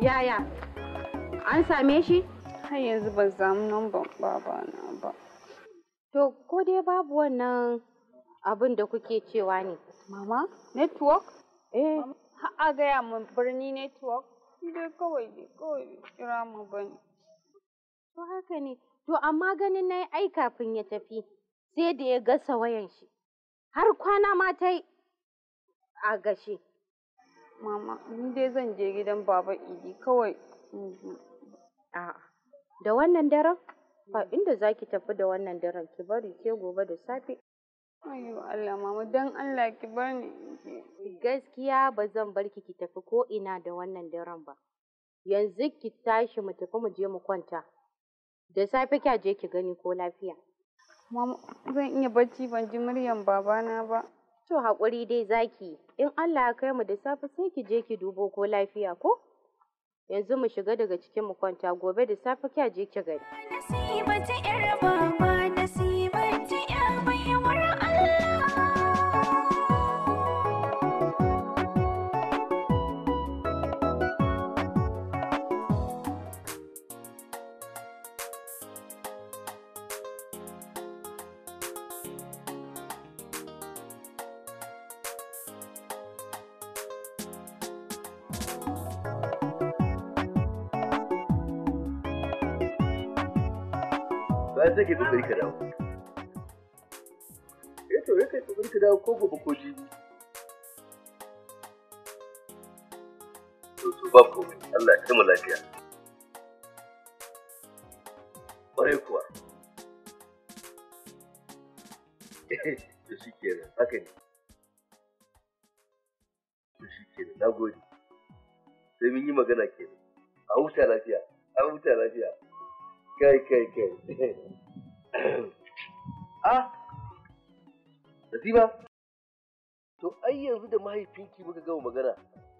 Yaya? An same shi? Har yanzu ba samu namban baba na ba. To, ko dai babu wannan abin da kuke cewa ne? Mama, network? Eh. Ha'a gaya mun birni network? Dai kawai ne, kawai kira mu bane. To haka ne. To amma ganin na ai kafin ya tafi sai da ya gasa wayan shi. Har kwana ma ta yi a gashi. Mama, ni dai zan je gidan Baba Idi kawai in ji. A'a, da wannan daren? Ba hmm. inda za ki tafi da wannan daren, ki bari sai gobe da safe. Ayyo Allah, Mama, don Allah ki bar ni. Gaskiya ba zan bar ki ki tafi ko ina da wannan daren ba. Yanzu ki tashi mu tafi mu je mu kwanta. Da safe kya je ki gani ko lafiya. Mama, zan iya bacci ban ji muryan babana ba. To haƙuri dai zaki, in Allah ya kai mu da safe sai ki je ki dubo ko lafiya ko? Yanzu mu shiga daga cikin mu kwanta gobe da safe kya je ki gani. bayan sai ka kokari ka dawo eh to kai kokari ka dawo ko gobe ko jibi to to ba ko Allah ya kama lafiya Kwarai kuwa da shi kenan haka ne to shi na gode sai mun yi magana kenan a huta lafiya a huta lafiya kai kai kai a ah! nasiba to ai yanzu da mahaifinki muka gama magana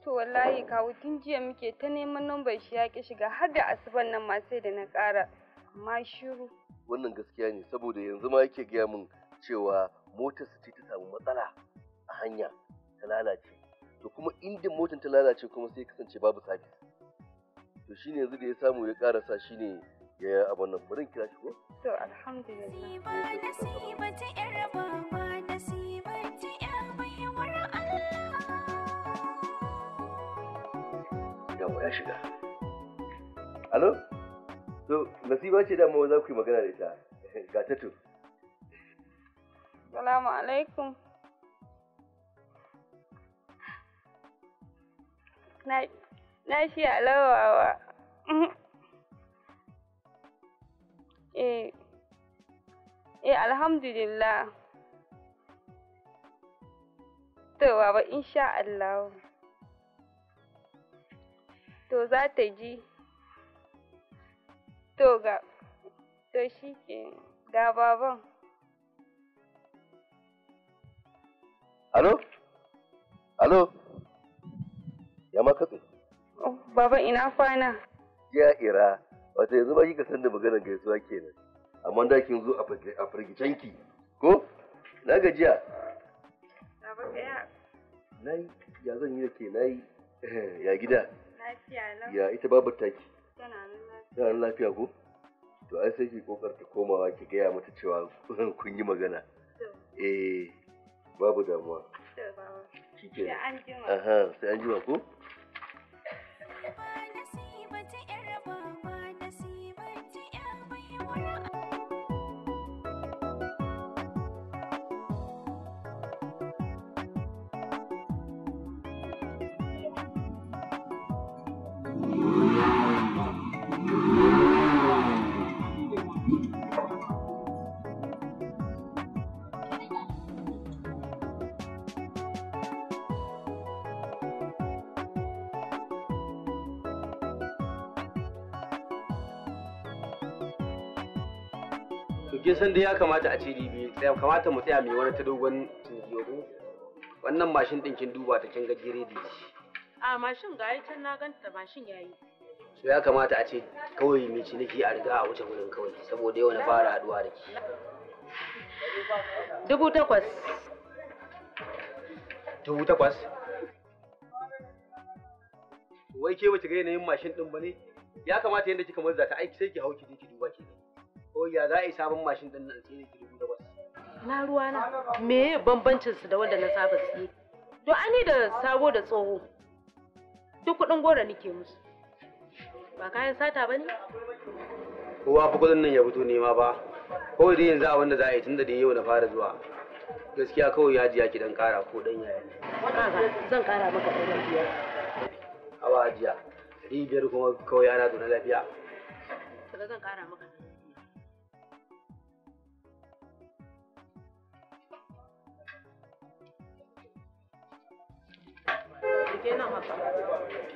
to wallahi kawu tun jiya muke ta neman numbar shi ya ki shiga har da asuban nan ma sai da na ƙara amma shiru wannan gaskiya ne saboda yanzu ma yake gaya min cewa motar su ce ta samu matsala a hanya ta lalace to kuma inda motar ta lalace kuma sai kasance babu sabis to shine yanzu da ya samu ya karasa shine ya abin nan burin kira shi ko? To alhamdulillah. Nasiba ta ƴar baba nasiba ta ƴar baiwar Allah. Yawa ya shiga. Alo? To nasiba ce dama za ku yi magana da ita ga tatu. Salamu alaikum. Na shi alawawa. eh eh alhamdulillah to baba insha Allah to za ta ji to ga to shi ke ga baban Alo? Alo? Ya makatse? Oh, baba ina kwana. Ya ira. wato yanzu ba kika san da maganar gaisuwa kenan amma da kin zo a firgicenki ko na gajiya na yi ya zan yi ke na yi eh, ya gida ya ita babu taki tana lafiya ko to ai sai ki kokarta komawa ki gaya mata cewa kun yi magana eh babu damuwa shi ke aha sai an jima ko kin san dai ya kamata a ce ribi ya kamata mu tsaya mai wani ta dogon tunjiyo wannan mashin din kin duba ta kin ga giredi a mashin ga yi can na ganta mashin yayi so ya kamata a ce kawai mai ciniki a riga a wuce wurin kawai saboda yau na fara haduwa da ke dubu takwas dubu takwas wai ke bata ga yanayin mashin din ba ne ya kamata yadda kika murza ta aiki sai ki hau ki je ki duba ki ne ko ya za a yi sabon mashin din nan sai da dubu da na ruwa na me bambancin su da wanda na saba siye to an yi da sabo da tsoho duk kuɗin goro nake musu ba kayan sata ba ne kowa fa kuɗin nan ya fito nema ba kawai dai yanzu abin wanda za a yi tun da yau na fara zuwa gaskiya kawai ya jiya ki dan kara ko dan yaya ne zan ƙara maka ɗan biyar awa jiya ɗari biyar kuma kawai yana na lafiya zan kara maka rike nan haka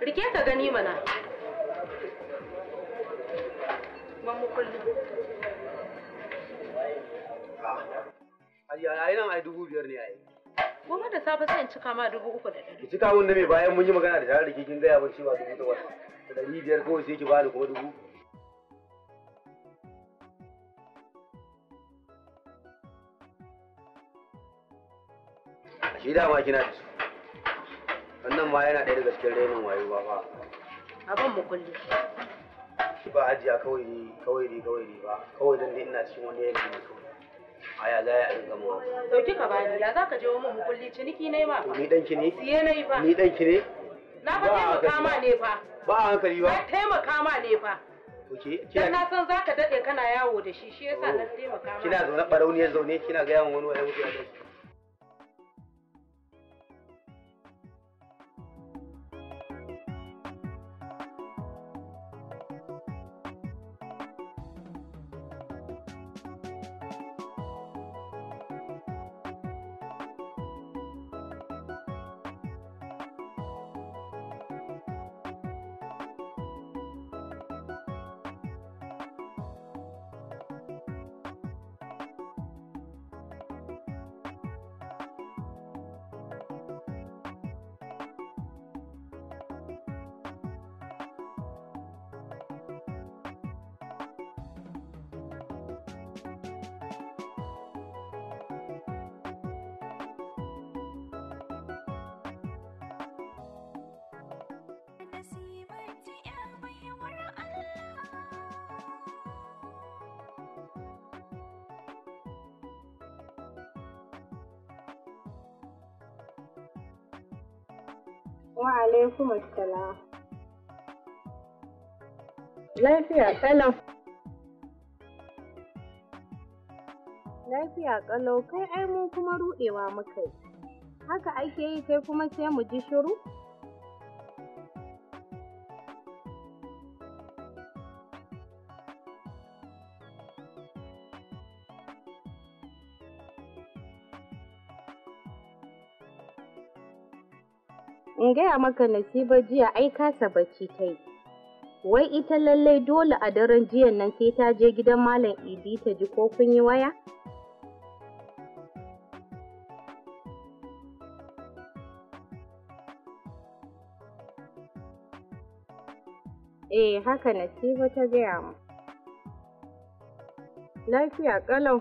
rike ka gani mana ban mu kullum Ayi nan ai dubu biyar ne ai. Goma da safe sai in cika ma dubu uku da ɗari. cika mun da me bayan mun yi magana da tare da ke kin gaya ban cewa dubu takwas. Da ɗari biyar kawai sai ki bani kuma dubu. Shi dama kina da su. wannan ma yana ɗaya daga cikin renon wayo ba ba abin mu kulle. shi ba ajiya kawai ne kawai ne kawai ne ba kawai dan ina cikin wani yanki ne kawai a ya zaya a rinka mawa dauki ka bani ya zaka je mu kulle ciniki ne ma ni dan ki ne siye nayi fa ni dan ki ne na ba taimaka ma ne fa ba a hankali ba na taimaka ma ne fa Dan na san ka daɗe kana yawo da shi shi yasa na taimaka ma kina zaune barauniyar zaune kina ga yawan wani wani mutum a Wa alaikum assalam. Lafiya ƙalau Lafiya kalau kai ai mu kuma ruɗewa muka yi. Haka ake yi kai kuma sai mu ji shiru? gaya maka nasiba jiya ai kasa bacci ta yi. Wai ita lallai dole a daren jiyan nan sai ta je gidan Malam Idi ta ji ko kun yi waya? Eh haka nasiba ta gaya mu. Lafiya ƙalau.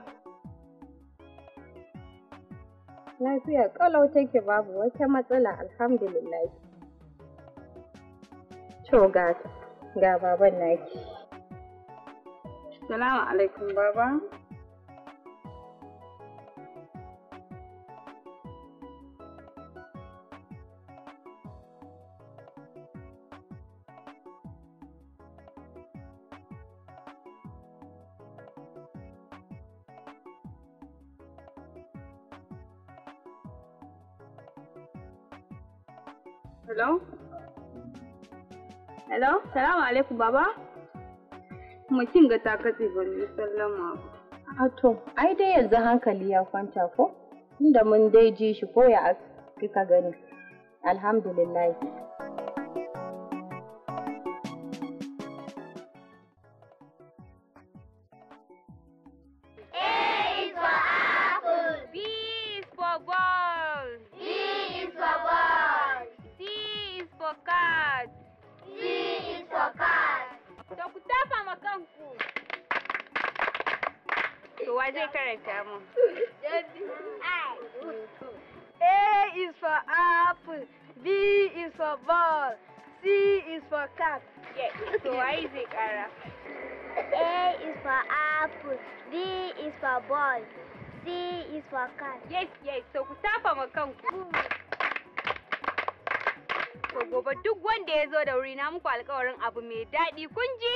Lafiya ƙalau take babu wata matsala alhamdulillah. To ga baban naki. Salamu alaikum baba. hello salamu alaikum baba mutum ga takatsi ban yi sallama a ah, to ai dai yanzu hankali ya kwanta ko inda mun dai ji shi ko ya kika gani alhamdulillah Wa zai karanta mu? A is for apple, B is for ball, C is for cat. Yes, so why is it Kara? A is for apple, B is for ball, C is for cat. Yes, yes, so ku tafa ma kanku. To gobe duk wanda ya zo da wuri na muku alƙawarin abu mai daɗi kun ji?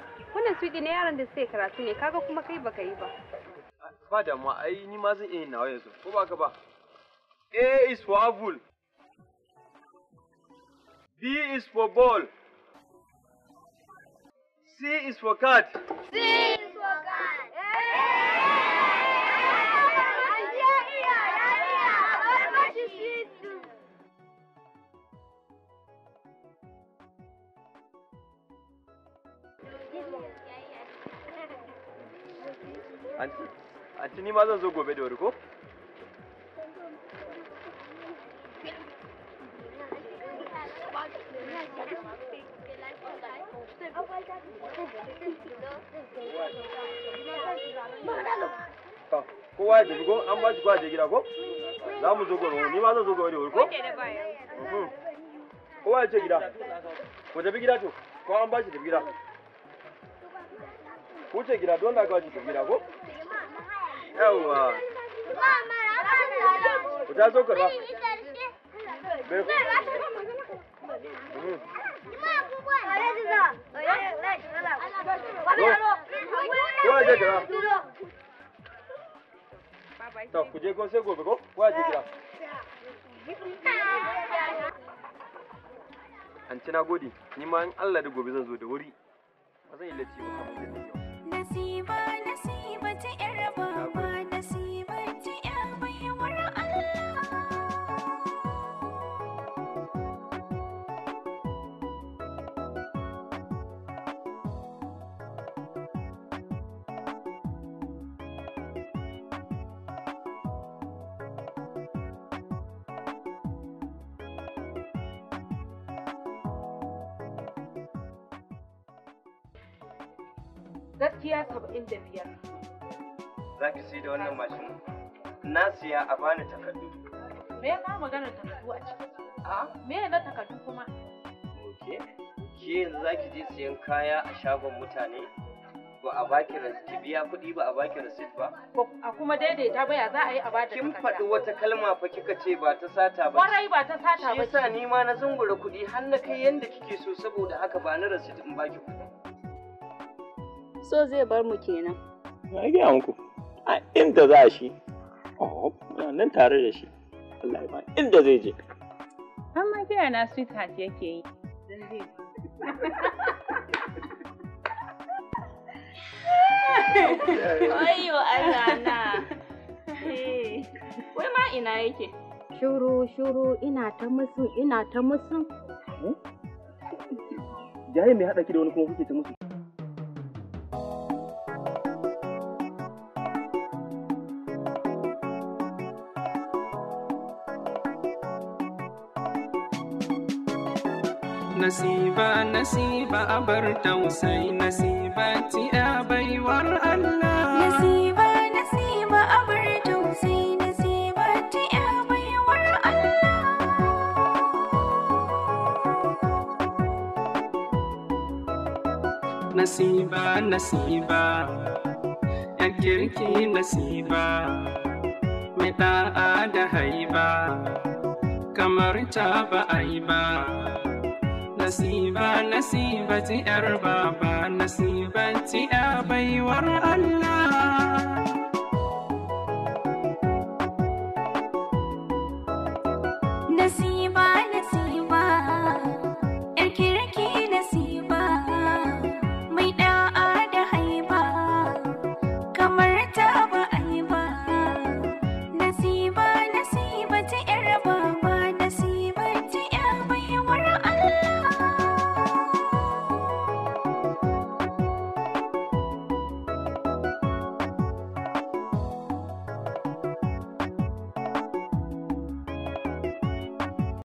wannan suɗi na yaran da suke karatu ne kaga kuma kai baka yi ba ba damuwa ai ni ma zan iya nawa yanzu ko ba ba A is for apple B is for ball C is for cat C Anti ni ma zan zo gobe da wuri ko? kowa ya tafi ko an ba shi je gida ko za mu zo gobe ni ma zan zo gobe da wuri ko kowa ya ce gida ku tafi gida to ko an ba shi tafi gida ku ce gida don da ka tafi gida ko yawa ku ta zo karba sai gobe ko? gode, ni ma in Allah da gobe zan da wuri. Ba zan yi lacci ba gaskiya saba'in da biyar za ki sai da wannan mashin na siya a bani takardu me ya kawo magana takardu a ciki a me na takardu kuma oke ke yanzu za ki je siyan kaya a shagon mutane ba a baki ki biya kuɗi ba a baki receipt ba. A kuma daidaita baya za a yi a ba Kin faɗi wata kalma fa kika ce ba ta sata ba. Warai ba ta sata ba. Shi yasa ni ma na zungura kuɗi har na kai yanda kike so saboda haka ba ni receipt in baki kuɗi. so zai bar mu kenan. Na gaya muku, a inda za shi, oh, nan tare da shi, Allah ma inda zai je. Amma gaya na sweetheart yake yi. Ayyo Allah na. Wai ma ina yake? Shuru shuru ina ta musu ina ta musu. Jaye mai haɗa ki da wani kuma kuke ta musu? nasiba nasiba abar tausai nasiba ti a baiwar Allah nasiba nasiba abar tausai nasiba ti a baiwar Allah nasiba nasiba ya kirki nasiba mai da'a da haiba kamar ta ba aiba. ba nasiba nasiba ti yar baba nasiba ti ya baiwar Allah